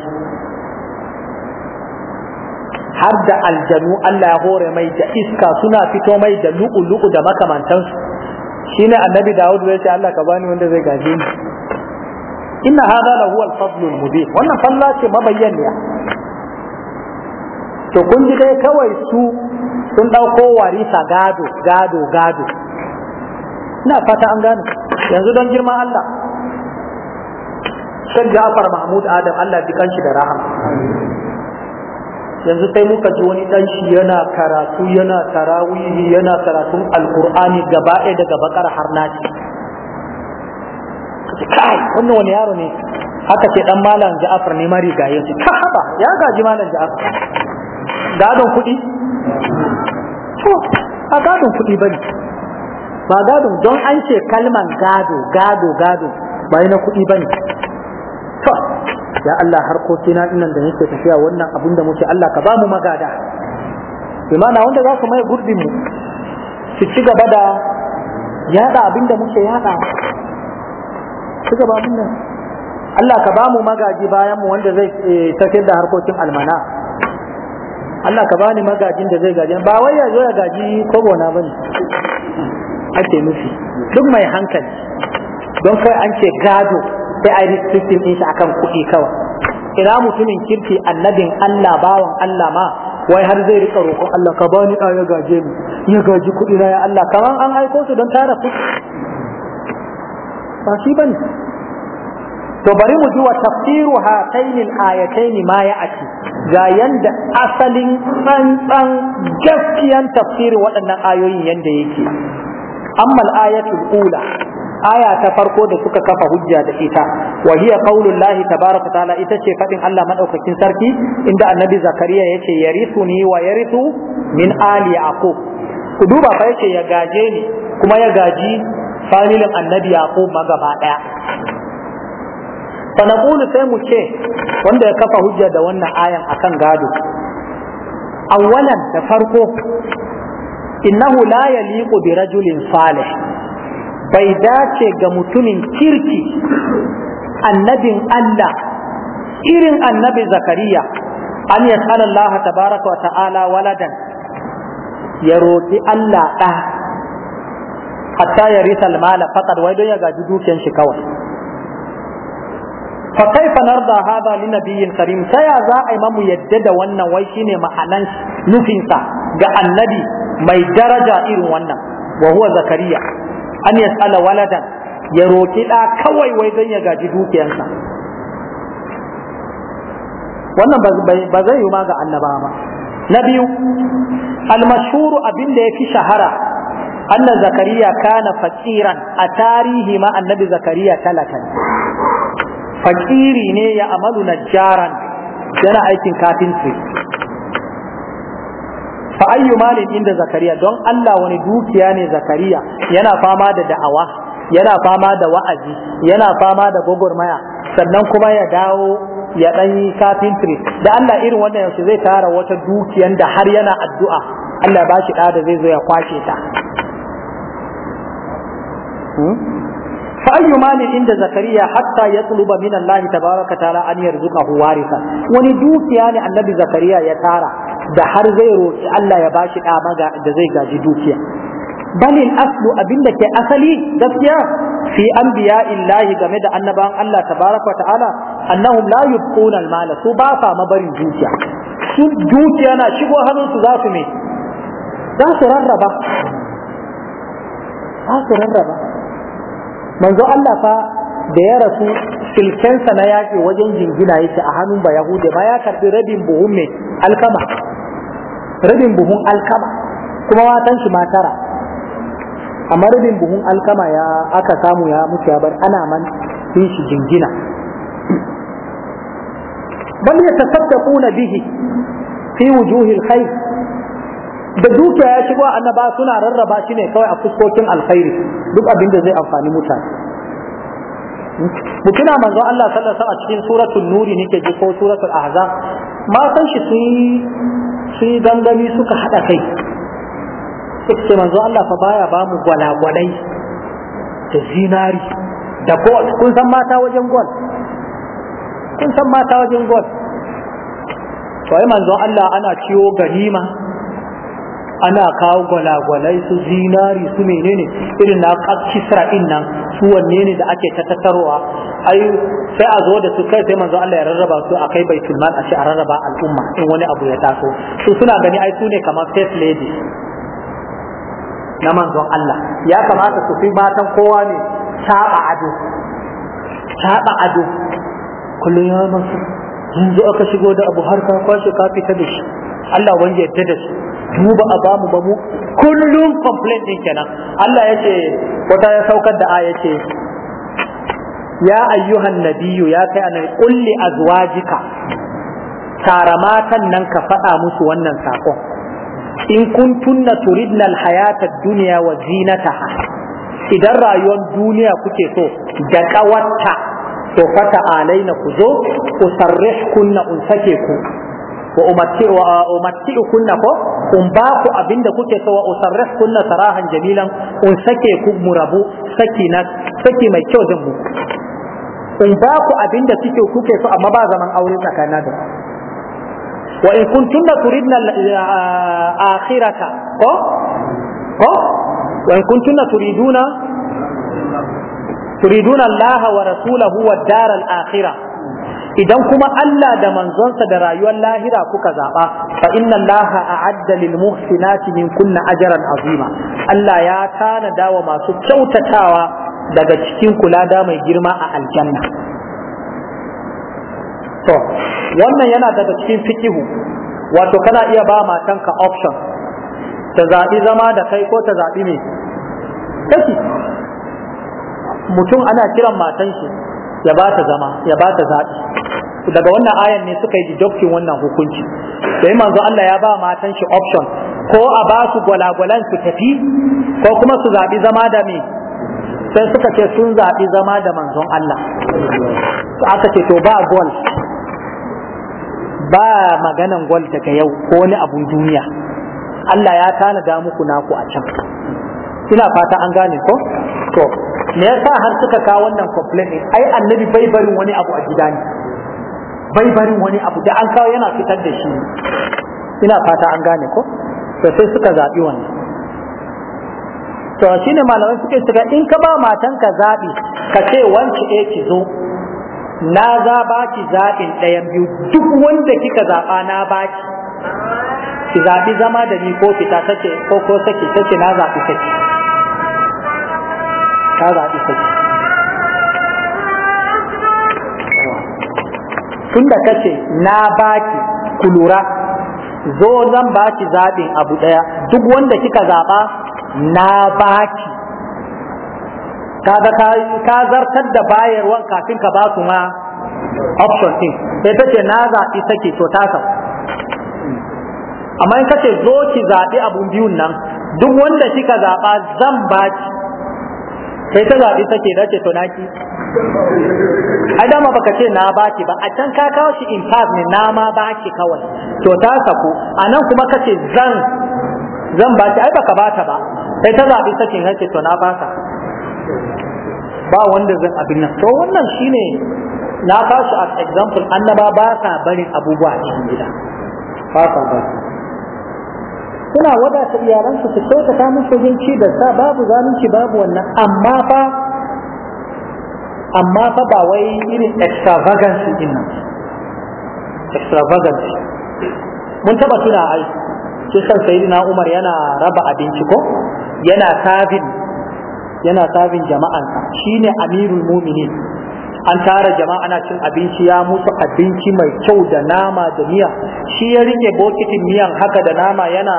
har da aljanu Allah ya hore mai da iska suna fito mai da lu'u-lu'u da makamantansu shine annabi Dawud ya ce Allah ka bani wanda zai gaje ni inna hadha la huwa al-fadl al-mubin wannan falla ce mabayyaniya to kun ji dai kawai su sun dauko warisa gado gado gado ina fata an gano. yanzu don girman Allah shan ja'far mahmud adam allah ji kanshi da rahama yanzu sai muka ji wani dan shi yana karatu yana tarawihi yana karatun alqur'ani gaba ɗaya daga bakar har naci kai wannan wani yaro ne haka ce dan malam ja'far ne mari ga yace ka haba ya gaji malam ja'far gadon kuɗi to a gadon kuɗi bane ba gado don an ce kalman gado gado gado ba na kuɗi bane ya Allah harkokina inan da nake tafiya wannan abin da muke Allah ka ba mu magada imana wanda za su mai gurbin mu su ci gaba da yada abin da muke yada ci gaba abin nan Allah ka ba mu magaji bayan mu wanda zai eh, tafiyar da harkokin almana Allah ka bani magajin da zai gaji ba wai ya zo ya gaji kobo na bane ake nufi duk mai hankali don kai an ce gado sai a yi restricting din shi akan kuɗi kawai ina mutumin kirki annabin Allah bawan Allah ma wai har zai riƙa roƙon Allah ka bani a ya gaje mu ya gaji kuɗi na ya Allah kamar an aiko su don tara kuɗi ba shi bane to bari mu ji wa tafsiru hatainil ayataini ma ya ati ga yanda asalin tsantsan gaskiyan tafsirin waɗannan ayoyin yanda yake amma al-ayatul ula aya ta farko da suka kafa hujja da ita wa hiya qaulul lahi tabaraka taala ita ce fadin Allah madaukakin sarki inda annabi zakariya yace yarithuni wa yarithu min ali yaqub ku duba fa yace ya gaje ni kuma ya gaji familin annabi yaqub magaba daya fa naqulu sai mu ce wanda ya kafa hujja da wannan ayan akan gado awwalan da farko innahu la yaliqu bi rajulin salih bai dace ga mutumin kirki annabin Allah irin annabi zakariya an ya Allah tabaraka wa ta'ala waladan ya roƙi Allah ɗa hatta ya risa mala faqad wai don ya gaji dukiyan shi kawai fa kaifa narda hadha li nabiyyin karim ta za a mamu yadda da wannan wai shine ma'anan nufinsa ga annabi mai daraja irin wannan wa huwa zakariya an tsala waladan ya roki ɗa kawai wai don ya gaji dukiyarsa wannan ba zai yi ma ga annaba ba na biyu almashuru abin da fi shahara anna zakariya kana fakiran a tarihi ma annabi zakariya talakan fakiri ne ya amalu najjaran yana aikin kafinci fa ayyu malin inda zakariya don Allah wani dukiya ne zakariya yana fama da da'awa yana fama da wa'azi yana fama da gogormaya sannan kuma ya dawo ya dan yi carpentry da Allah irin wannan yaushe zai tara wata dukiyan da har yana addu'a Allah ba shi da zai zo ya kwace ta hmm? fa ayyu inda zakariya hatta yatluba min Allah tabaraka taala an yarzuqahu warisa wani dukiya ne annabi zakariya ya tara da har zai roƙi Allah ya bashi ɗa da zai gaji dukiya balin aslu da ke asali gaskiya fi anbiya illahi game da annabawan Allah tabaraka ta'ala annahum la yubquna al-mala su ba sa mabarin dukiya su dukiya na shigo hannun su za su me za su rarraba za su rarraba manzo Allah fa da ya rasu silkensa na yaƙi wajen jingina yake a hannun ba yahude ba ya karɓi rabin buhun mai alkama rabin buhun alkama kuma matan shi ma tara amma rabin buhun alkama ya aka samu ya mutu ya bar ana man yin shi jingina bal yatasaddaquna bihi fi wujuhi alkhair da dukiya ya shigo annaba suna rarraba shi ne kawai a fuskokin alkhairi duk abin da zai amfani mutane mutuna manzo Allah sallallahu alaihi wasallam a cikin suratul nuri nake ji ko suratul ahzab ma san shi sun sun yi gangami suka haɗa kai suka ce manzo Allah fa baya ba mu gwalagwalai da zinari da gold kun san mata wajen gol? kun san mata wajen gol? to ai manzo Allah ana ciwo ganima ana kawo gwalagwalai su zinari su menene irin na kisra nan su wanne ne da ake ta tattarowa ai sai a zo da su kai sai manzo Allah ya rarraba su a kai baitul mal a ce a rarraba al'umma in wani abu ya taso su suna gani ai su ne kamar first lady na manzon Allah ya kamata su fi matan kowa ne saba ado saba ado kullum ya masu yanzu aka shigo da abu har ka kwashe ka fita da shi Allah wanda yadda da shi mu ba a ba mu ba mu kullum complaint din kenan Allah ya ce wata ya saukar da aya ce ya ayyuhan Nabiyu ya kai annabi kulli azwajika tara matan nan ka faɗa musu wannan saƙon. in kuntunna turidna alhayata ad-dunya wa zinataha idan rayuwar duniya kuke so da kawatta to fata alaina ku zo un unsake ku wa umatti'u kunna ko in ba ku abinda kuke so wa usarrih kunna sarahan jamilan un sake ku murabu saki saki mai kyau din mu in ba ku abin da kike kuke so amma ba zaman aure tsakanin da wa in kuntunna turidna eh, akhirata ko ko wa in kuntunna turiduna turiduna Allah wa rasulahu wa daral akhirah idan kuma Allah da manzonsa da rayuwar lahira kuka zaba fa inna Allah a'adda lil muhsinati min kunna ajran azima Allah ya tana dawa masu kyautatawa daga cikin kula da mai girma a aljanna to wannan yana daga cikin fikihu wato kana iya ba matanka option ta zaɓi zama da kai ko ta zaɓi mai saki mutum ana kiran matan shi ya ba ta zama ya ba ta zaɓi daga wannan ayan ne suka yi deducting wannan hukunci sai manzo Allah ya ba matan shi option ko a ba su gwalagwalan su tafi ko kuma su zaɓi zama da mai. sai suka ce sun zaɓi zama da manzon Allah aka ce to ba gol ba maganan gol daga yau ko wani abun duniya Allah ya da muku naku a can ina fata an gane ko to me yasa har suka kawo wannan complaint ai annabi bai barin wani abu a gida ne bai barin wani abu da an kawo yana fitar da shi ina fata an gane ko sai suka zaɓi wannan to shine malamai suke shiga in ka ba matanka zaɓi ka ce wance eh ki zo na za ba ki zaɓin ɗayan biyu duk wanda kika zaɓa na ba ki ki zaɓi zama da ni ko fita tace ko ko ta ce na zaɓi saki ka zaɓi saki tunda kace na baki ku lura zo zan baki zaɓin abu ɗaya duk wanda kika zaɓa na baki kaga ka zartar da bayarwan kafin ka ba su ma option din sai ta ce na zaɓi sake to ta sau amma in ce zo ki zaɓi abun biyun nan duk wanda kika zaɓa zan baki sai ta zaɓi sake na ce to ki ai dama baka ce na baki ba a can ka kawo shi in ne na ma baki kawai to ta sako. a nan kuma ka ce zan zan ba ta ai baka ba ta ba sai ta zabi sakin hanci to na ba ba wanda zan abin nan to wannan shine na ba as example annaba ba sa barin abubuwa a cikin gida ba sa ba suna wadata iyalansu su kyautata musu jinci da sa babu zalunci babu wannan amma fa amma fa ba wai irin extravagance din nan extravagance mun taba tuna aiki. shi san sayyidina Umar yana raba abinci ko yana sabin yana sabin jama'ansa shine amirul mu'minin an tara jama'a na cin abinci ya musu abinci mai kyau da nama da miya shi ya rike bokitin miyan haka da nama yana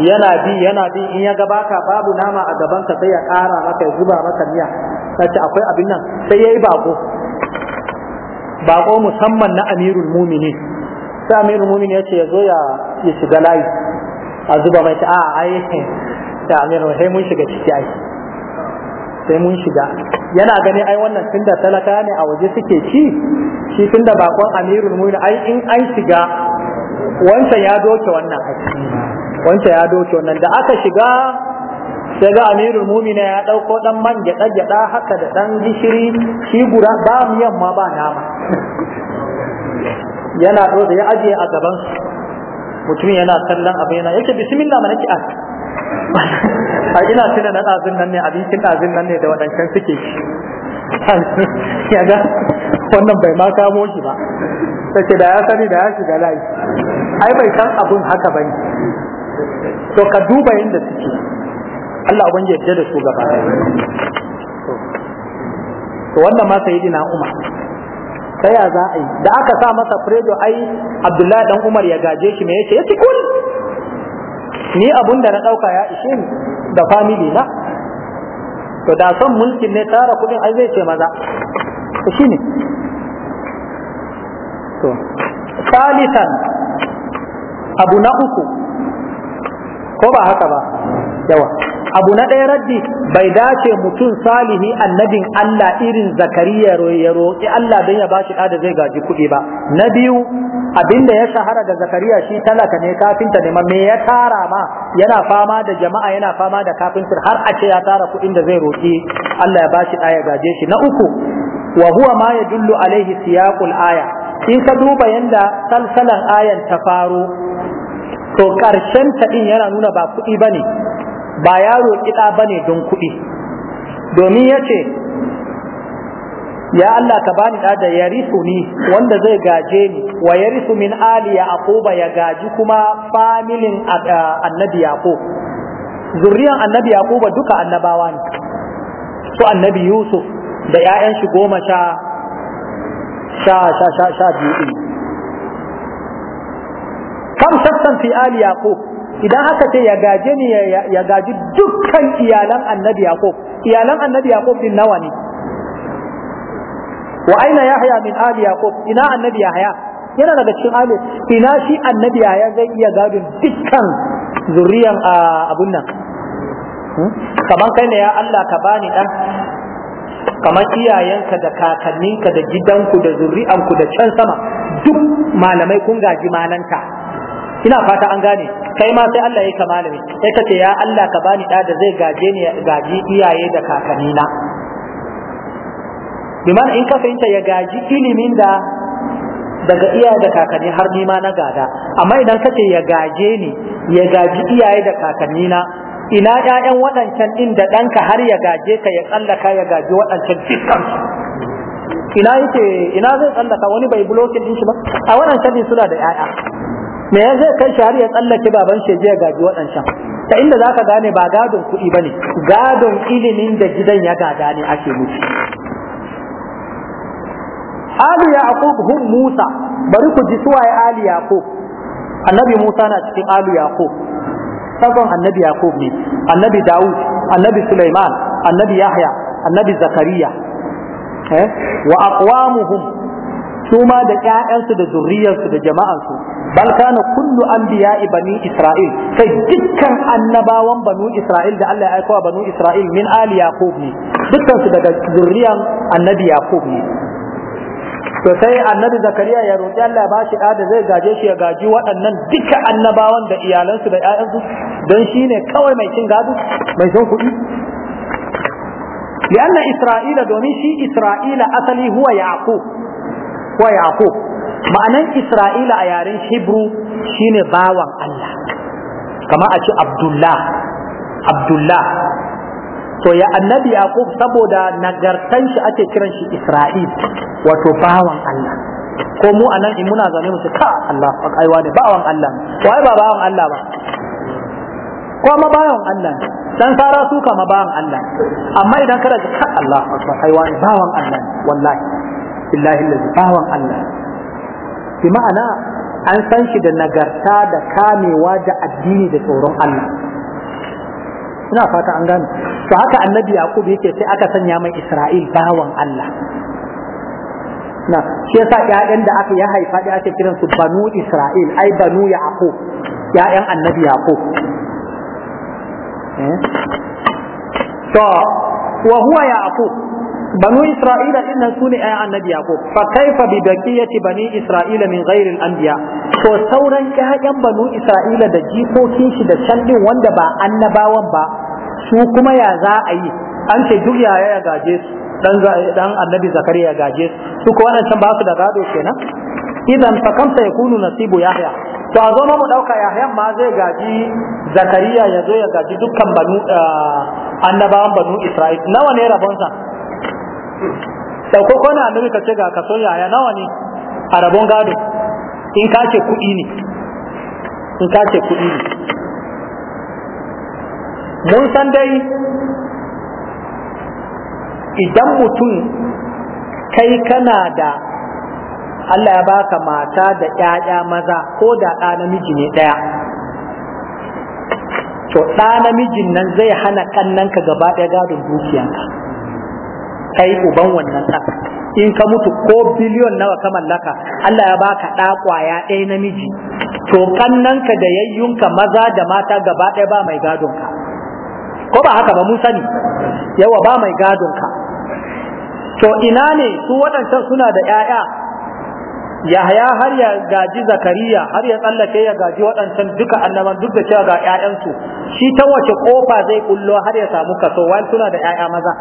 yana bi yana bi in ya ga baka babu nama a gaban ka sai ya kara maka ya zuba maka miya sace akwai abin nan sai yayi bako bako musamman na amirul mu'minin sai amirul mumin ya ce ya zo ya shiga layi a zuba mai ta a ai da amirul sai mun shiga ciki ai sai mun shiga yana gani ai wannan tun da talaka ne a waje suke ci shi tun da bakon amirul mumin ai in an shiga wancan ya doke wannan ai wancan ya doke wannan da aka shiga sai ga amirul mumina ya dauko dan man gyada gyada haka da dan gishiri shi gura ba miyan ma ba nama yana da ya ajiye a gaban mutum yana sallan abu yana yake bismillah mana ki a ina tuna na ɗazun nan ne abincin ɗazun nan ne da waɗancan suke ya ga wannan bai ma kamo shi ba sai da ya sani da ya shiga layi ai bai san abun haka bane to ka duba yadda suke Allah ubangi ya da su gaba to wannan ma sayyidina Umar ta ya za a yi da aka sa masa fredo ai abdullahi dan umar ya gaje shi me yace ci kul ni abun da na dauka ya ishe ni da family na to da son mulkin ne tara kudin ai zai ce maza to shine to salisan abu na uku ko ba haka ba dawa abu na ɗaya raddi bai dace mutum salihi annabin Allah irin zakariya ya Allah don ya bashi ɗa da zai gaji kuɗi ba na biyu abinda ya shahara da zakariya shi talaka ne kafinta ne ma me ya tara ma yana fama da jama'a yana fama da kafintar har a ce ya tara kuɗin da zai roƙi Allah ya bashi ɗa ya gaje shi na uku wa huwa ma yadullu alaihi siyaqul aya in ka duba yanda salsalan ayan ta faro to karshen ta din yana nuna ba kuɗi bane ba yaro kiɗa ba ne don kuɗi domin ya ce ya Allah ka bani ɗa da ya ni wanda zai gaje ni wa ya min ali ya akuba ya gaji kuma familin annabi ko? zurriyan annabi yaƙuba duka annabawa ne su annabi yusuf da 'ya'yan shi goma sha sha sha sha biyu kam sassan fi ali ko. idan haka ce ya gaje ni ya gaji dukkan iyalan annabi yaqub iyalan annabi yaqub din nawa ne wa aina yahya min ali yaqub ina annabi yahya yana daga cikin ali ina shi annabi yahya zai iya gadin dukkan zuriyan abun nan hmm? kaman kai ne ya Allah ka bani dan kamar iyayenka da kakanninka da gidanku da zuri'anku da can sama duk malamai kun gaji malanta ina fata an gane kai ma sai Allah ya yi kamalami sai ka ce ya Allah ka bani da da zai gaje ni gaji iyaye da kakannina biman in ka fahimta ya gaji ilimin da daga iyaye da kakanni har ni ma na gada amma idan ka ce ya gaje ni ya gaji iyaye da kakannina ina ƴaƴan waɗancan din da ɗanka har ya gaje ka ya tsallaka ya gaji waɗancan dukkan ina yake ina zai tsallaka wani bai bulokin din shi ba a waɗancan suna da ƴaƴa me ya zai kai shahar ya tsallake baban shi ya gaji waɗancan ta inda zaka gane ba gadon kuɗi bane gadon ilimin da gidan ya gada ne ake mutu Ali Yaqub hum Musa bari ku ji suwaye Ali Yaqub Annabi Musa na cikin Ali Yaqub sabon Annabi Yaqub ne Annabi Dawud Annabi Sulaiman Annabi Yahya Annabi Zakariya eh wa aqwamuhum suma da ƴaƴansu da zuriyarsu da jama'ansu bal kana kullu anbiya'i bani isra'il sai dukkan annabawan banu isra'il da Allah ya aika banu isra'il min ali yaqub ne dukkan su daga zurriyan annabi yaqub ne to sai annabi zakariya ya roƙi Allah ba shi da zai gaje shi ya gaji waɗannan dukkan annabawan da iyalansu da ƴaƴansu don shi ne kawai mai cin gado mai son kuɗi li'anna isra'ila domin shi isra'ila asali huwa yaqub huwa yaqub ma'anan isra'ila a yaren hebru shine bawan Allah Kamar a ce abdullah abdullah to ya annabi yaqub saboda nagartan shi ake kiran shi isra'il wato bawan Allah ko mu anan in muna zane mu ce ka Allah aiwa ne bawan Allah wai ba bawan Allah ba ko ma bawan Allah dan sara su kama bawan Allah amma idan kana ka Allah aiwa ne bawan Allah wallahi billahi allazi bawan Allah bi ma'ana an san shi da nagarta da kamewa da addini da tsoron Allah ina fata an gane to haka annabi yaqub yake sai aka sanya mai isra'il bawan Allah na shi yasa ƴaƴan da aka ya haifa da ake kiran su banu isra'il ai banu yaqub ƴaƴan annabi yaqub eh? to wa huwa yaqub banu isra'ila din nan sune ayan annabi yaqub fa kaifa bi baqiyati bani isra'ila min ghairi al anbiya to sauran 'ya'yan banu isra'ila da jikokin da can wanda ba annabawan ba su kuma ya za a yi an ce duk yaya ya gaje su dan annabi zakariya ya gaje su ko waɗancan ba su da gado kenan idan fa kam sayakunu nasibu yahya to a zama mu dauka yahya ma zai gaji zakariya ya zo ya gaji dukkan banu eh, annabawan banu isra'il nawa ne rabonsa dauko ko na america ce ga kaso yaya nawa ne a rabon gado in ka ce kuɗi ne in ka ce ne mun san dai idan mutum kai kana da Allah ya baka mata da ƴaƴa maza ko da ɗa namiji ne ɗaya. To, ɗa namijin nan zai hana kannanka gaba ɗaya gadon dukiyanka. kai uban wannan ɗan in ka mutu ko biliyon nawa ka mallaka Allah ya baka ɗa kwaya ɗaya namiji to kannanka da yayyunka maza da mata gaba ɗaya ba mai gadon ka ko ba haka ba mun sani yawa ba mai gadon ka to ina ne su waɗancan suna da ƴaƴa Yahaya har ya gaji Zakariya har ya tsallake ya gaji waɗancan duka annaban duk da cewa ga ƴaƴansu shi ta wace kofa zai kullo har ya samu kaso wani suna da ƴaƴa maza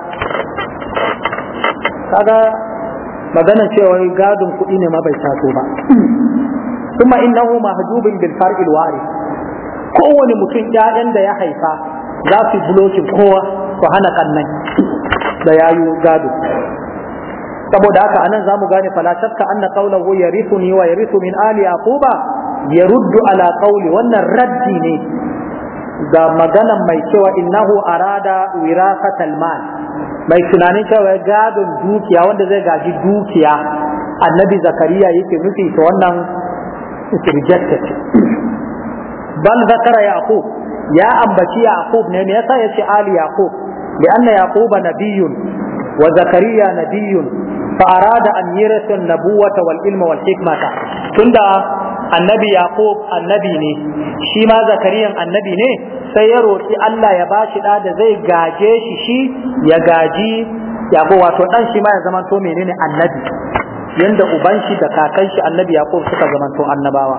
kaga magana cewa gadon kuɗi ne ma bai taso ba kuma innahu mahjubin bil far'il wari kowane mutum ƴaƴan da ya haifa za su bulokin kowa su hana kannan da yayu gado saboda haka anan zamu gane fala shakka anna qawluhu yarithuni wa yarithu min ali yaquba yaruddu ala qawli wannan raddi ne ga maganan mai cewa innahu arada wirasatal mal mai tunanin cewa gadon dukiya wanda zai gaji dukiya annabi zakariya yake nufi ta wannan rejected bal zakara yaqub ya ambaci yaqub ne me yasa yace ali yaqub lianna yaquba nabiyyun wa zakariya nabiyyun fa arada an yirisa an-nabuwata wal ilma wal hikmata tunda annabi yaqub annabi ne shi ma zakariyan annabi ne sai ya roki Allah ya bashi da da zai gaje shi shi ya gaji yaqub wato dan shi ma ya zama to menene annabi yanda uban shi da kakan shi annabi yaqub suka zama to annabawa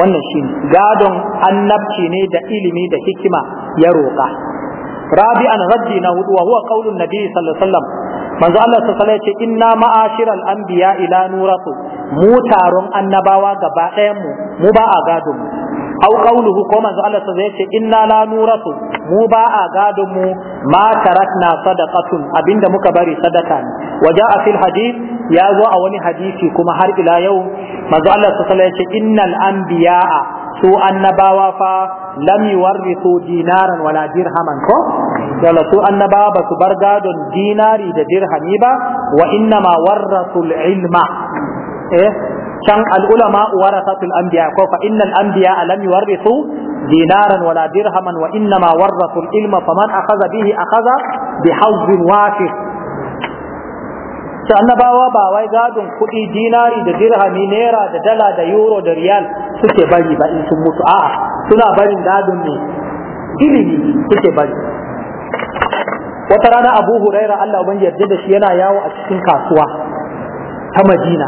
wannan shi gadon annabci ne da ilimi da hikima ya roka rabi'an raddi na hudu wa huwa qaulun nabi sallallahu alaihi wasallam manzo Allah ta sallaya ce inna ma'ashiral anbiya ila nuratu mu taron annabawa gaba ɗayan mu mu ba a gado mu au qauluhu ko manzo Allah ta zai ce inna la nuratu mu ba a gado mu ma tarakna sadaqatun abinda muka bari sadaka ne waja fil hadith ya zo a wani hadisi kuma har ila yau manzo Allah ta sallaya ce innal anbiya su annabawa fa lam yuwarrithu dinaran wala dirhaman ko yalla su annaba ba su bar gadon dinari da dirhami ba wa inna ma warrathu ilma eh can al-ulama warathatul anbiya ko fa innal anbiya lam yuwarrithu dinaran wala dirhaman wa inna ma warrathu ilma faman akhadha bihi akhadha bihawzin wafih ta annabawa ba wai gadon kuɗi dinari da dirhami naira da dala da euro da riyal suke bari ba in sun mutu a'a suna barin gadon ne ilimi suke bari wata rana abu huraira allah ubangi yarda da shi yana yawo a cikin kasuwa ta madina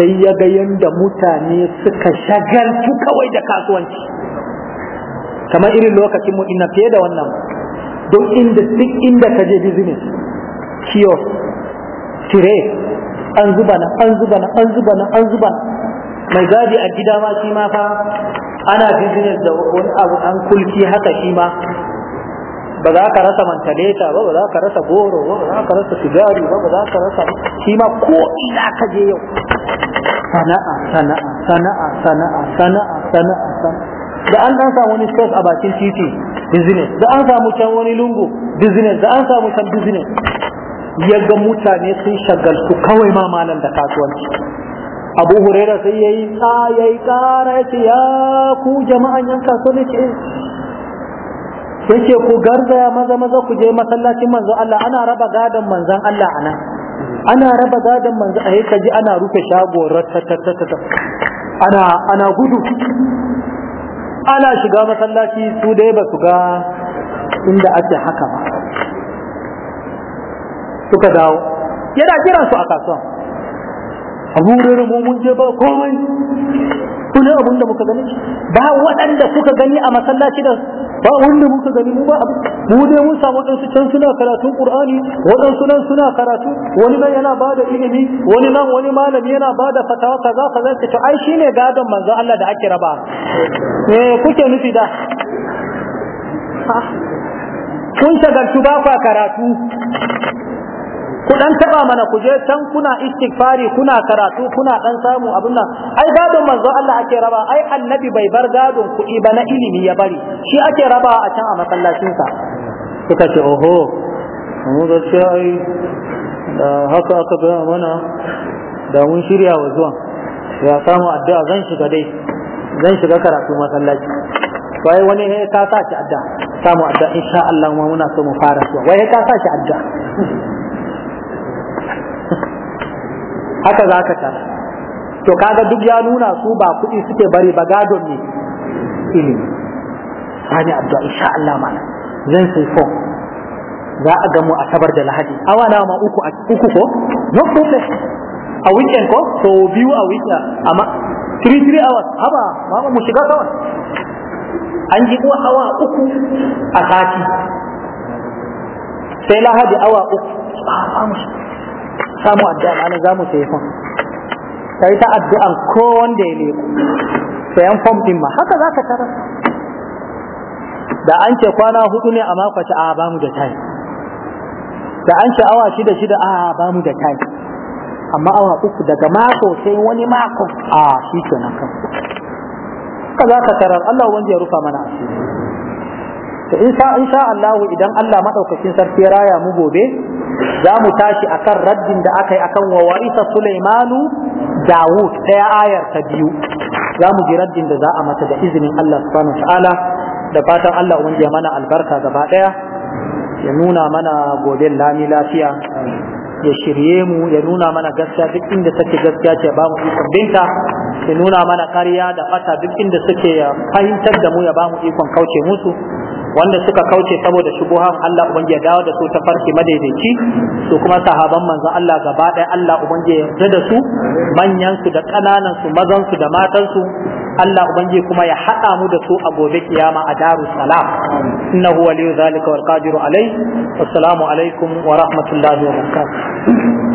sai ya ga yadda mutane suka shagaltu kawai da kasuwanci kamar irin lokacin mu ina fiye da wannan don inda duk inda ka je business kiosk tire an zuba na an zuba na an zuba na an zuba mai gadi a gida ma shi ma fa ana business da wani abu an kulki haka shi ma ba za ka rasa mantaleta ba ba za ka rasa goro ba ba za ka rasa sigari ba ba za ka rasa shi ma ko ina ka je yau sana'a sana'a sana'a sana'a sana'a sana'a da an dan samu wani stock a bakin titi business da an samu can wani lungu business da an samu can business ya ga mutane sun shagaltu kawai ma malam da kasuwanci abu huraira sai ya yi ya yi ƙara ya ce ya ku jama'an yan kasuwanci sai ce ku garzaya maza maza ku je masallacin manzo Allah ana raba gadon manzon Allah nan ana raba gadon manzo a yi eh, kaji ana rufe shago ratatatata ana ana gudu ana shiga masallaci su dai ba su ga inda ake haka ba suka dawo yana kiran su a kasuwa abu wurin mun je ba komai tuni abin da muka gani ba waɗanda suka gani a masallaci da ba wanda muka gani mu ba mu dai mun samu waɗansu can suna karatun qur'ani waɗansu nan suna karatu wani nan yana ba da ilimi wani nan wani malami yana ba da fatawa kaza kaza ta to ai shine gadon manzo Allah da ake raba eh kuke nufi da kun shagaltu ba kwa karatu ku dan taba mana ku je can kuna istighfari kuna karatu kuna dan samu abin nan ai gadon manzo Allah ake raba ai annabi bai bar gadon kuɗi ba na ilimi ya bari shi ake raba a can a masallacinsa suka ce oho mu da ce ai da haka aka gaya mana da mun shirya wa zuwan ya samu addu'a zan shiga dai zan shiga karatu masallaci wai wani ne ka sa shi addu'a samu addu'a insha Allah muna so mu fara zuwa wai ka sa shi addu'a haka za ka tara to kaga duk ya nuna su ba kuɗi suke bari ba gadon ne ilimi sani addu'a insha Allah mana zan sai fo za a gamu a sabar da lahadi awa na ma uku uku ko no problem a weekend ko so biyu a weekend amma 3 3 hours haba mama mu shiga kawai an ji kuwa awa uku a sati sai lahadi awa uku ba mu shiga samu addu'a malam za mu sai fom ka yi ta addu'an ko wanda ya leko sayan fom din ma haka za ka tarar da an ce kwana hudu ne a makwace a ba mu da tayi. da an ce awa shida shida a ba mu da tayi. amma awa uku daga mako sai wani mako a shi kenan kan ka za ka tarar Allah wanda ya rufa mana asiri to insha Allah idan Allah madaukakin sarki raya mu gobe za mu tashi akan raddin da aka yi akan wa warisa Sulaimanu Dawud ɗaya ayar ta biyu za mu ji raddin da za a mata da izinin Allah subhanahu ta'ala da fatan Allah ya mana albarka gaba ɗaya ya nuna mana gobe lami lafiya ya shirye mu ya nuna mana gaskiya duk inda take gaskiya ce ba mu ikon binta ya nuna mana ƙarya da fata duk inda suke fahimtar da mu ya ba mu ikon kauce musu wanda suka kauce saboda shubuhan Allah ubangiji ya dawo da su ta farki madaidaici su kuma sahaban manzo Allah gaba ɗaya Allah ubangiji ya yarda da su manyan su da ƙananan su mazan su da matan su Allah ubangiji kuma ya haɗa mu da su a gobe kiyama a daru salam innahu waliyu zalika wal qadiru alai assalamu alaikum wa rahmatullahi wa barakatuh